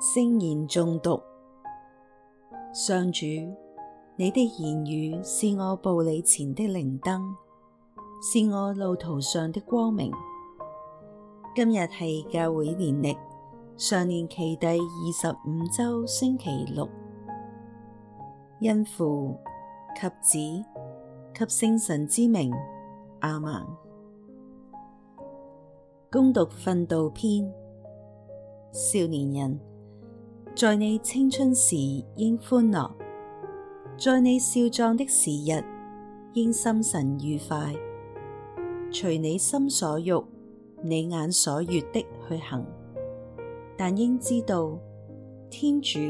聖言誦讀。上主，你的言語是我步履前的靈燈，是我路途上的光明。今日係教會年曆上常年期第二十五周星期六，因父及子及聖神之名，阿門。恭讀訓道篇，少年人。在你青春時應歡樂，在你少壯的時日應心神愉快，隨你心所欲，你眼所悅的去行，但應知道天主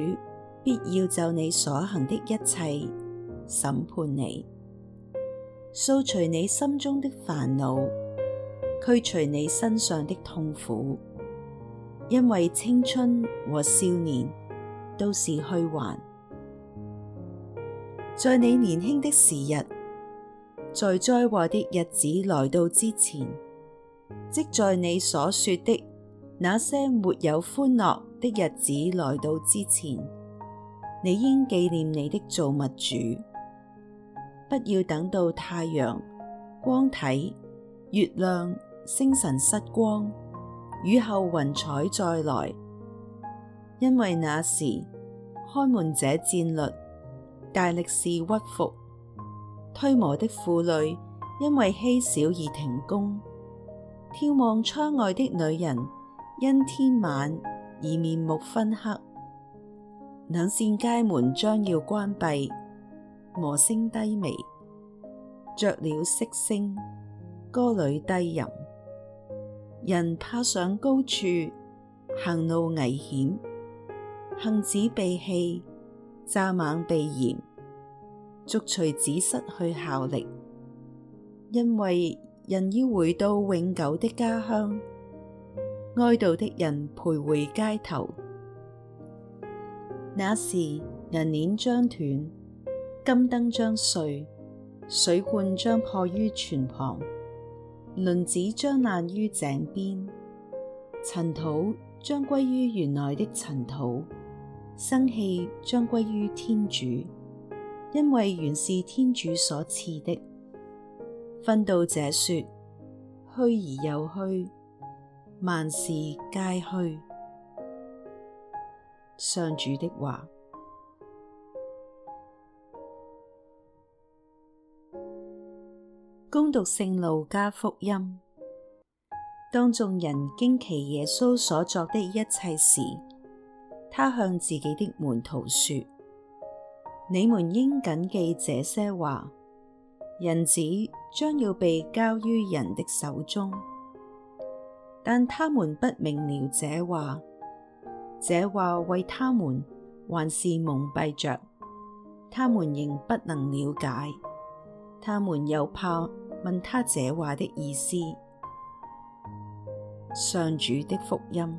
必要就你所行的一切審判你，掃除你心中的煩惱，驅除你身上的痛苦，因為青春和少年。都是虛幻。在你年輕的時日，在災禍的日子來到之前，即在你所說的那些沒有歡樂的日子來到之前，你應記念你的造物主。不要等到太陽、光體、月亮、星辰失光，雨後雲彩再來。因為那時，看門者戰慄，大力士屈伏，推磨的婦女因為稀少而停工。眺望窗外的女人，因天晚而面目昏黑。兩扇街門將要關閉，磨聲低微，雀鳥息聲，歌女低吟，人怕上高處，行路危險。杏子被棄，蚱蜢被嫌，續隨子失去效力，因為人要回到永久的家鄉。哀悼的人徘徊街頭，那時銀鏈將斷，金燈將碎，水罐將破於泉旁，輪子將爛於井邊，塵土將歸於原來的塵土。生氣將歸於天主，因為原是天主所賜的。訓道者說：虛而又虛，萬事皆虛。上主的話。恭讀聖路加福音，當眾人驚奇耶穌所作的一切時。他向自己的門徒說：你們應謹記這些話，人子將要被交於人的手中，但他們不明了這話，這話為他們還是蒙蔽着，他們仍不能了解。他們又怕問他這話的意思。上主的福音。